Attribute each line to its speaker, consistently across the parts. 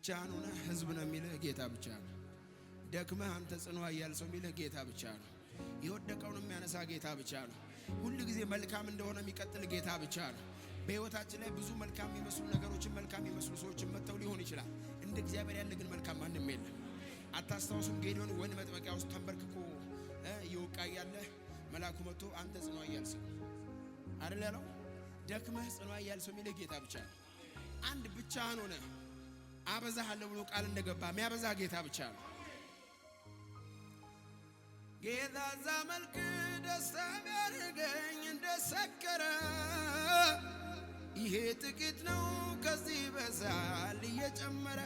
Speaker 1: ብቻህን ሆነ ህዝብ ነው የሚልህ ጌታ ብቻ ነው። ደክመህ አንተ ጽኑ ኃያል ሰው የሚልህ ጌታ ብቻ ነው። የወደቀውን የሚያነሳ ጌታ ብቻ ነው። ሁል ጊዜ መልካም እንደሆነ የሚቀጥል ጌታ ብቻ ነው። በህይወታችን ላይ ብዙ መልካም የሚመስሉ ነገሮችን መልካም የሚመስሉ ሰዎችን መጥተው ሊሆን ይችላል። እንደ እግዚአብሔር ያለ ግን መልካም ማንም የለም። አታስታውሱም? ጌዲዮን ወይን መጥመቂያ ውስጥ ተንበርክኮ እየወቃ እያለ መልአኩ መጥቶ አንተ ጽኑ ኃያል ሰው አይደል ያለው። ደክመህ ጽኑ ኃያል ሰው የሚልህ ጌታ ብቻ ነው። አንድ ብቻህን ሆነህ አበዛሃለሁ ብሎ ቃል እንደገባ የሚያበዛ ጌታ ብቻ ነው። ጌታ እዛ መልክ ደስታ ቢያደርገኝ እንደሰከረ ይሄ ጥቂት ነው፣ ከዚህ ይበዛል እየጨመረ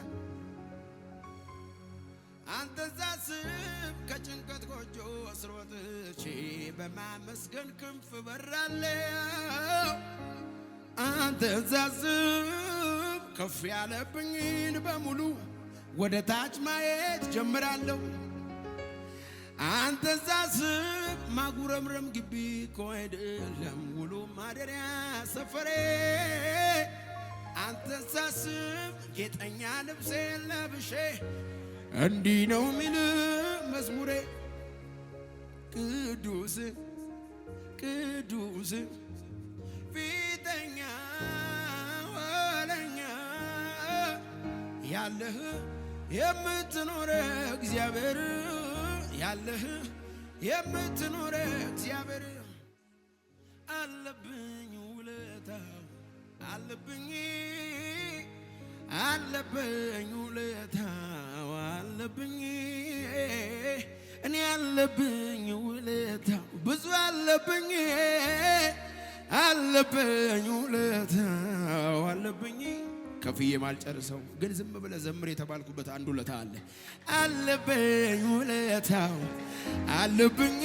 Speaker 1: አንተ እዛ ስብ ከጭንቀት ጎጆ አስሮ በማመስገን ክንፍ በራለሁ አንተ እዛ ስብ ከፍ ያለብኝን በሙሉ ወደ ታች ማየት ጀምራለሁ። አንተ ስብ ማጉረምረም ግቢ እኮ አይደለም ውሎ ማደሪያ ሰፈሬ። አንተ ሳስብ ጌጠኛ ልብሴ ለብሼ እንዲህ ነው ሚል መዝሙሬ ቅዱስ ቅዱስ ያለህ የምትኖረ እግዚአብሔር ያለህ የምትኖረ እግዚአብሔር አለብኝ ውለታ አለብኝ አለብኝ ውለታ አለብኝ እኔ አለብኝ ውለታ ብዙ አለብኝ አለብኝ ውለታ አለብኝ ከፍዬ ማልጨርሰው ግን ዝም ብለ ዘምር የተባልኩበት አንዱ ውለታ አለ አለበኝ ውለታው አለብኝ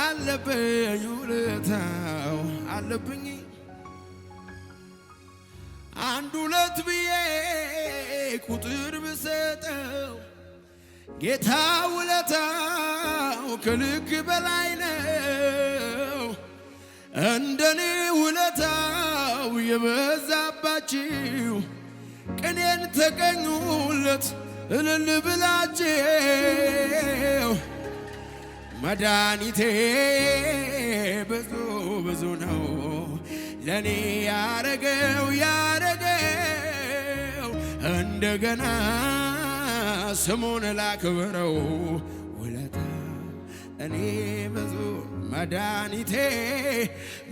Speaker 1: አለበኝ ውለታው አለብኝ አንድ ሁለት ብዬ ቁጥር ብሰጠው ጌታ ውለታው ከልክ በላይ ነው። እንደኔ ውለታው የበዛባችሁ ቅኔን ተቀኙለት እልል ብላችሁ መድኃኒቴ ብዙ ብዙ ነው ለኔ ያረገው ያረገው እንደገና ስሙን ላክብረው እኔ ብዙ መድኃኒቴ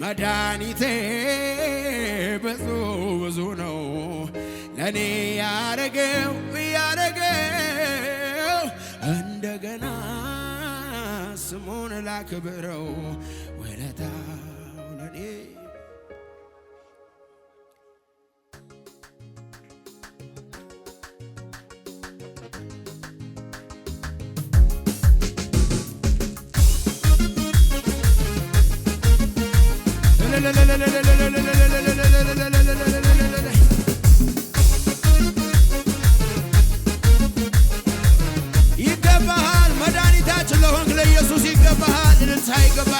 Speaker 1: መድኃኒቴ ብዙ ብዙ ነው ለእኔ ያረገው ያረገው እንደገና ስሙን ላክብረው ወለታ ይገባሃል መድኃኒታችን ለሆንክ ለኢየሱስ ይገባሃል። እልልታ ይገባሃል።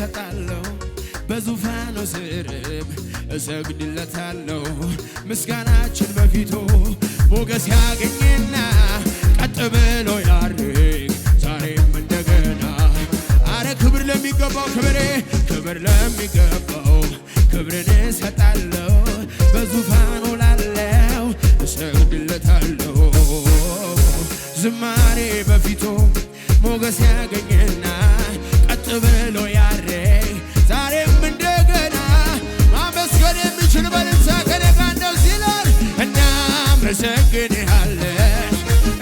Speaker 1: እሰጣለሁ በዙፋኑ ስርም እሰግድለታለሁ። ምስጋናችን በፊቱ ሞገስ ያገኝና ቀጥ ብሎ ያርግ ዛሬም እንደገና። አረ ክብር ለሚገባው ክብሬ ክብር ለሚገባው እናመሰግንሃለን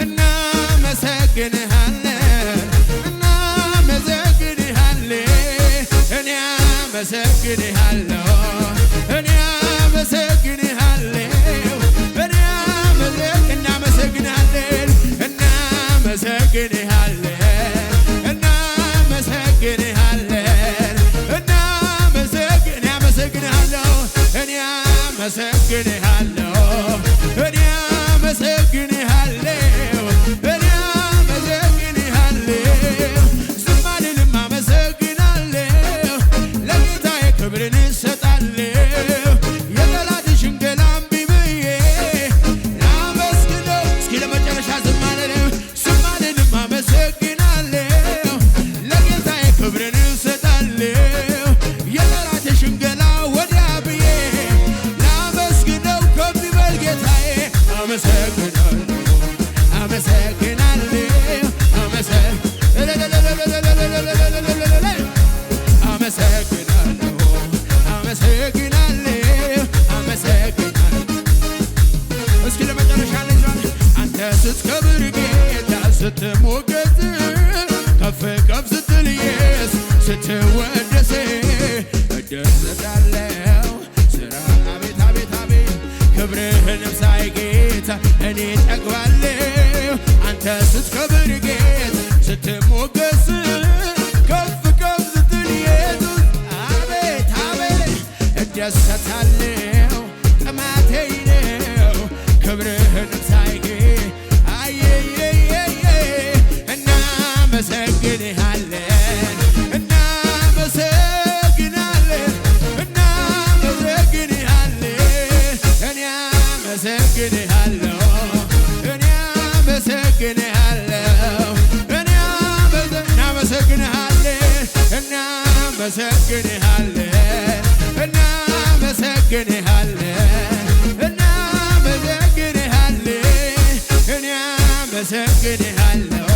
Speaker 1: እናመሰግንሃለን እናመሰግንሃለን እኔ አመሰግንሃለሁ እኔ አመሰግንሃለሁ እኔ እናመሰግንሃለን እናመሰግንሃለን እናመሰግንሃለን እናመሰግንሃለሁ እኔ አመሰግንሃለሁ ክብርን እሰጣለሁ የጠላትሽን ገላምቢ ብዬ ላመስግነው እስኪ ለመጨረሻ ዝማንንም ዝማንንም አመሰግናለሁ ለጌታዬ ክብርን እሰጣለሁ የጠላትሽን ገላ ወዲያ ብዬ ላመስግነው ከሚበል ጌታዬ አመሰግ ሞገስ ከፍ ከፍ ስትልዬስ ስትወደሴ እደሰታለው ስራ አቤት አቤት አቤት ክብርህን ሳይ እኔ ጠግባለው አንተ ስትከብር ጌት ስትሞገስ ከፍ ከፍ ስትል አቤት አቤት እደሰታለው ጥማቴ ነው ክብርህን አመሰግንሃለሁ እኔ አመሰግንሃለሁ እኔ እናመሰግንሃለን እናመሰግንሃለን እናመሰግንሃለን እናመሰግንሃለን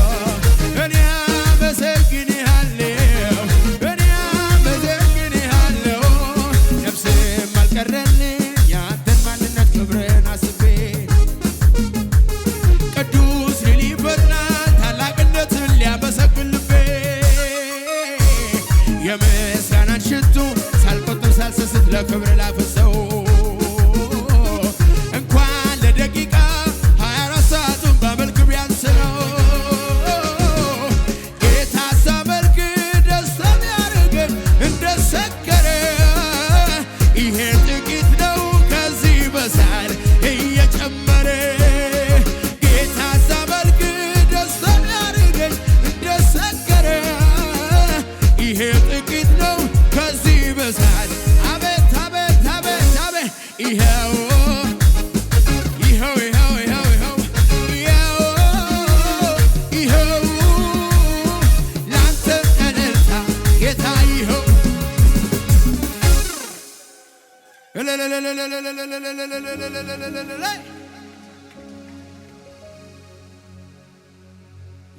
Speaker 1: የምስጋናን ሽቱ ሳልቆጥር ሳልሰስት ለክብር ላፍስ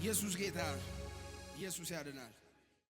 Speaker 1: ኢየሱስ ጌታ ኢየሱስ ያድናል።